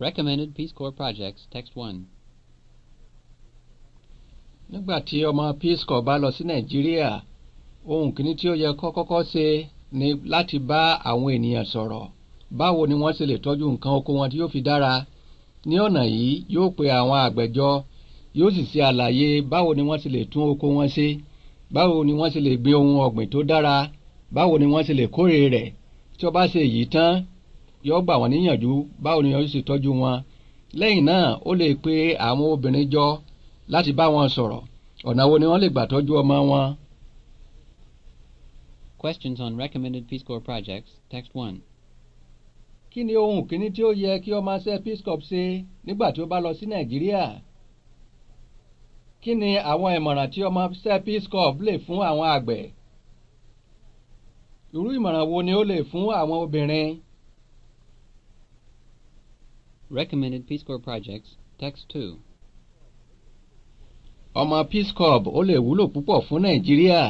Recommended Peace Corps Projects, Text 1. Nígbà tí ọmọ Peace Corps bá lọ sí Nàìjíríà, ohun kìíní tí ó yẹ kó kọ́kọ́ ṣe ni láti bá àwọn ènìyàn sọ̀rọ̀. Báwo ni wọ́n ṣe lè tọ́jú nǹkan oko wọn tí yóò fi dára? Ní ọ̀nà yìí, yóò pe àwọn àgbẹ̀jọ, yóò sì ṣe àlàyé báwo ni wọ́n ṣe lè tún oko wọn ṣe, báwo ni wọ́n ṣe lè gbin ohun ọ̀gbìn tó dára, báwo ni wọ́n ṣe lè kórè rẹ̀. Tí ó bá ṣe èyí tán, yóò gbà wọ́n níyànjú báwo ni yóò ṣe tọ́jú wọn lẹ́yìn náà ó lè pe àwọn obìnrin jọ láti bá wọn sọ̀rọ̀ ọ̀nà wo ni wọ́n lè gbà tọ́jú ọmọ wọn. Questions on recommended Peace Corps projects, text one. Kí ni ohun kìíní tí ó yẹ kí ọmọ ṣe Peace Corps ṣe nígbà tí ó bá lọ sí Nàìjíríà? Kí ni àwọn ìmọ̀ràn tí ọmọ ṣe Peace Corps lè fún àwọn àgbẹ̀? Irú ìmọ̀ràn wo ni ó lè fún àwọn obìnrin? Recommended Peace Corps Projects, Text 2. Ọmọ Peace Corps ó lè wúlò púpọ̀ fún Nàìjíríà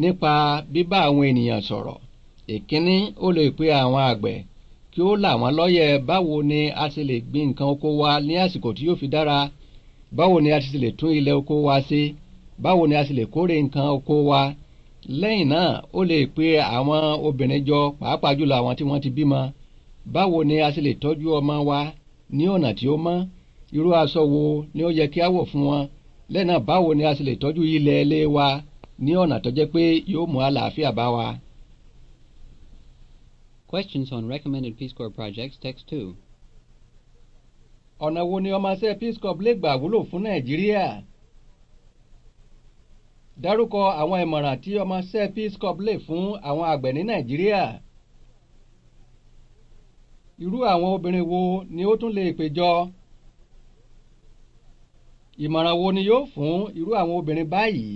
nípa bíbá àwọn ènìyàn sọ̀rọ̀. Èkíní ó lè pe àwọn àgbẹ̀ kí ó là wọ́n lọ́yẹ̀ báwo ni a ṣe lè gbin nǹkan oko wa ní àsìkò tí yóò fi dára báwo ni a ṣe lè tún ilẹ̀ oko wa ṣe báwo ni a ṣe lè kórè nǹkan oko wa lẹ́yìn náà ó lè pe àwọn obìnrin jọ pàápàá jùlọ àwọn tí wọ́n ti bímọ báwo ni a ṣe lè tọ́jú ọmọ wa ní ọ̀nà tí ó mọ́ irú aṣọ wo ni ó yẹ kí a wọ̀ fún wọn lẹ́nà báwo ni a sì lè tọ́jú ilẹ̀ ilé wa ní ọ̀nà tó jẹ́ pé yóò mú àlàáfíà bá wa. Questions on recommended Peace Corps projects, text two. Ọ̀nà wo ni ọmọọṣẹ́ Peace Corps lè gbà wúlò fún Nàìjíríà? Dárúkọ àwọn ìmọ̀ràn tí ọmọọṣẹ́ Peace Corps lè fún àwọn àgbẹ̀ ní Nàìjíríà irú àwọn obìnrin wo ni ó tún lè péjọ ìmọ̀ràn wo ni yóò fún irú àwọn obìnrin báyìí